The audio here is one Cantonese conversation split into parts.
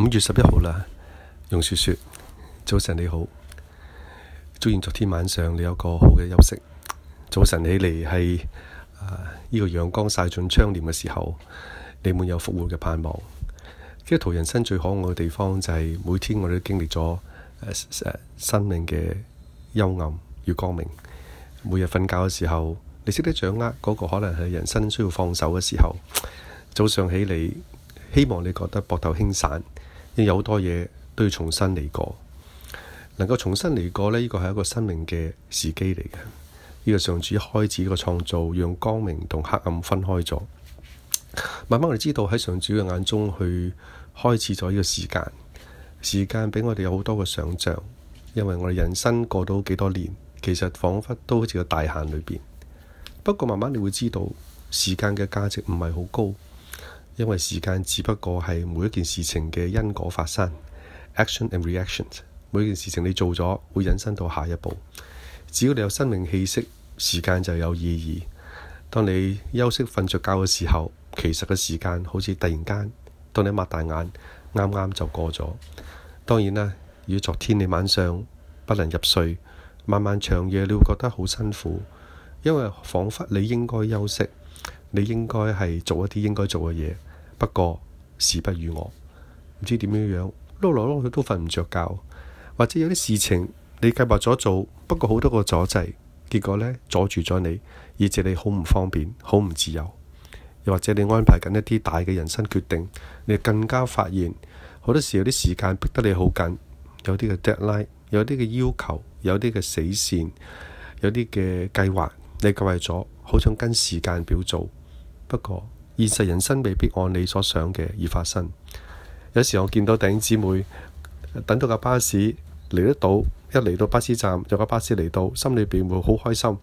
五月十一號啦，容雪雪，早晨你好。祝願昨天晚上你有個好嘅休息。早晨起嚟係啊，呢、呃這個陽光曬進窗簾嘅時候，你滿有復活嘅盼望。基督徒人生最可愛嘅地方就係每天我都經歷咗、呃、生命嘅幽暗與光明。每日瞓覺嘅時候，你識得掌握嗰個可能係人生需要放手嘅時候。早上起嚟，希望你覺得膊頭輕散。因為有好多嘢都要重新嚟過，能夠重新嚟過呢個係一個生命嘅時機嚟嘅。呢個上主開始個創造，讓光明同黑暗分開咗。慢慢我哋知道喺上主嘅眼中，去開始咗呢個時間，時間畀我哋有好多嘅想象，因為我哋人生過到幾多年，其實仿佛都好似個大限裏邊。不過慢慢你會知道，時間嘅價值唔係好高。因為時間只不過係每一件事情嘅因果發生，action and reactions。每件事情你做咗，會引申到下一步。只要你有生命氣息，時間就有意義。當你休息瞓着覺嘅時候，其實嘅時間好似突然間，當你擘大眼，啱啱就過咗。當然啦，如果昨天你晚上不能入睡，漫漫長夜，你會覺得好辛苦，因為彷彿你應該休息。你應該係做一啲應該做嘅嘢，不過事不如我唔知點樣樣，攞來攞去都瞓唔着覺，或者有啲事情你計劃咗做，不過好多個阻滯，結果呢阻住咗你，以致你好唔方便，好唔自由，又或者你安排緊一啲大嘅人生決定，你更加發現好多時有啲時間逼得你好緊，有啲嘅 deadline，有啲嘅要求，有啲嘅死線，有啲嘅計劃，你計劃咗好想跟時間表做。不過，現實人生未必按你所想嘅而發生。有時我見到頂姊妹等到架巴士嚟得到，一嚟到巴士站有架巴士嚟到，心裏邊會好開心。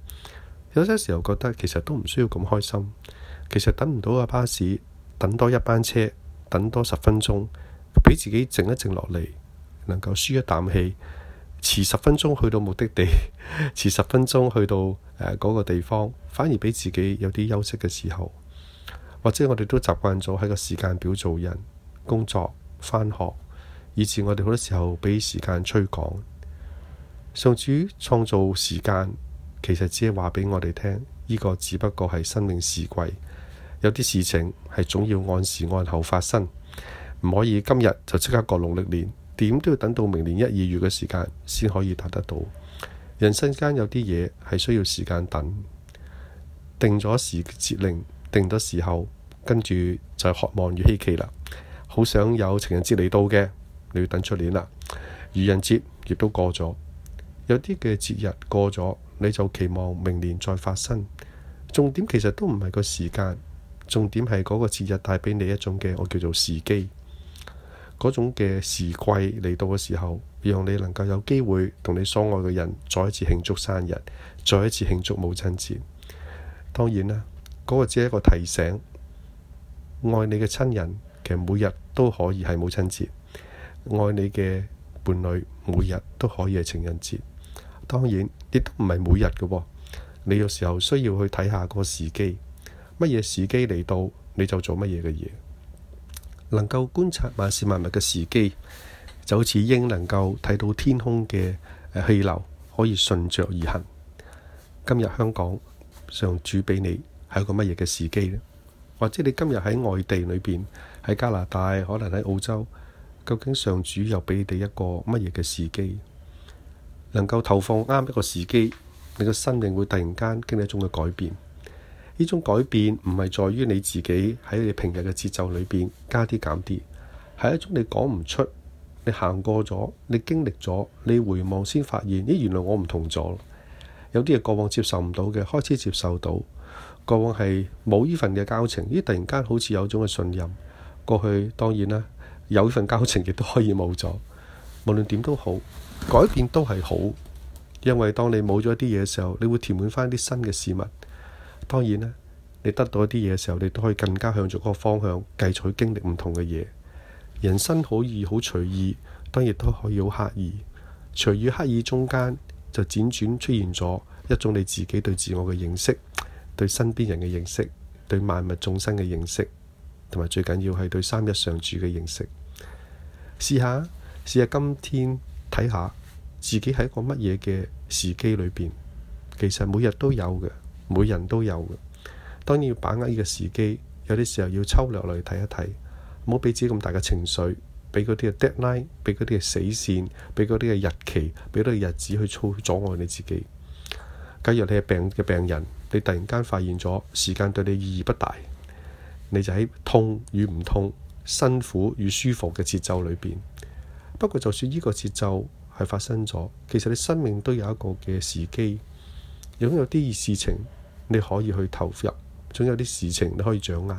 有些時候覺得其實都唔需要咁開心。其實等唔到架巴士，等多一班車，等多十分鐘，俾自己靜一靜落嚟，能夠舒一啖氣。遲十分鐘去到目的地，遲十分鐘去到誒嗰、呃嗰個地方，反而俾自己有啲休息嘅時候。或者我哋都習慣咗喺個時間表做人、工作、返學，以致我哋好多時候俾時間催趕。上主創造時間，其實只係話俾我哋聽，呢、這個只不過係生命時季。有啲事情係總要按時按候發生，唔可以今日就即刻過農曆年，點都要等到明年一二月嘅時間先可以達得到。人生間有啲嘢係需要時間等，定咗時節令。定咗時候，跟住就渴望與希冀啦。好想有情人節嚟到嘅，你要等出年啦。愚人節亦都過咗，有啲嘅節日過咗，你就期望明年再發生。重點其實都唔係個時間，重點係嗰個節日帶俾你一種嘅我叫做時機。嗰種嘅時季嚟到嘅時候，讓你能夠有機會同你所愛嘅人再一次慶祝生日，再一次慶祝母親節。當然啦。嗰個只係一個提醒，愛你嘅親人其實每日都可以係母親節，愛你嘅伴侶每日都可以係情人節。當然亦都唔係每日㗎喎、哦，你有時候需要去睇下個時機，乜嘢時機嚟到你就做乜嘢嘅嘢。能夠觀察萬事萬物嘅時機，就好似鷹能夠睇到天空嘅氣流，可以順著而行。今日香港上主俾你，係一個乜嘢嘅時機呢？或者你今日喺外地裏邊，喺加拿大，可能喺澳洲，究竟上主又俾你哋一個乜嘢嘅時機，能夠投放啱一個時機，你個生命會突然間經歷一種嘅改變。呢種改變唔係在於你自己喺你平日嘅節奏裏邊加啲減啲，係一種你講唔出，你行過咗，你經歷咗，你回望先發現，咦，原來我唔同咗。有啲嘢過往接受唔到嘅，開始接受到。過往係冇呢份嘅交情，咦？突然間好似有種嘅信任。過去當然啦，有呢份交情亦都可以冇咗。無論點都好，改變都係好，因為當你冇咗一啲嘢嘅時候，你會填滿翻啲新嘅事物。當然啦，你得到一啲嘢嘅時候，你都可以更加向著嗰個方向繼續去經歷唔同嘅嘢。人生可以好隨意，當然都可以好刻意。隨意刻意中間就輾轉出現咗一種你自己對自我嘅認識。對身邊人嘅認識，對萬物眾生嘅認識，同埋最緊要係對三日常住嘅認識。試下，試下，今天睇下自己喺個乜嘢嘅時機裏邊。其實每日都有嘅，每人都有嘅。當然要把握呢個時機，有啲時候要抽落嚟睇一睇，唔好俾自己咁大嘅情緒，俾嗰啲嘅 deadline，俾嗰啲嘅死綫，俾嗰啲嘅日期，俾嗰啲日子去阻阻礙你自己。假如你係病嘅病人。你突然間發現咗時間對你意義不大，你就喺痛與唔痛、辛苦與舒服嘅節奏裏邊。不過就算呢個節奏係發生咗，其實你生命都有一個嘅時機。總有啲事情你可以去投入，總有啲事情你可以掌握。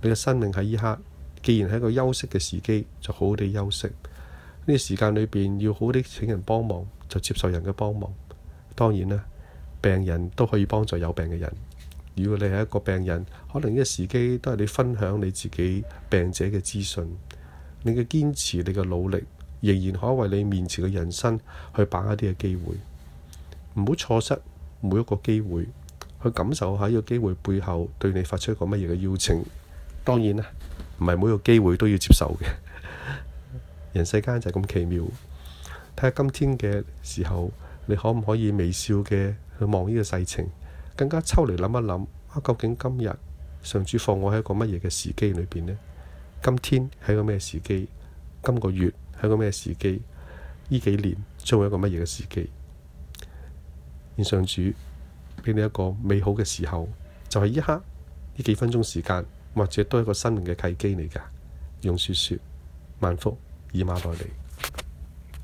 你嘅生命喺依刻，既然係一個休息嘅時機，就好好地休息。呢個時間裏邊要好好地請人幫忙，就接受人嘅幫忙。當然啦。病人都可以幫助有病嘅人。如果你係一個病人，可能呢個時機都係你分享你自己病者嘅資訊。你嘅堅持，你嘅努力，仍然可以為你面前嘅人生去把握啲嘅機會。唔好錯失每一個機會，去感受下呢個機會背後對你發出一個乜嘢嘅邀請。當然啦，唔係每個機會都要接受嘅。 人世間就係咁奇妙。睇下今天嘅時候，你可唔可以微笑嘅？去望呢個世情，更加抽離諗一諗，啊，究竟今日上主放我喺一個乜嘢嘅時機裏邊呢？今天係個咩時機？今個月係個咩時機？呢幾年將會一個乜嘢嘅時機？現上主俾你一個美好嘅時候，就係、是、一刻，呢幾分鐘時間，或者都係一個生命嘅契機嚟㗎。用雪雪，萬福以馬內利。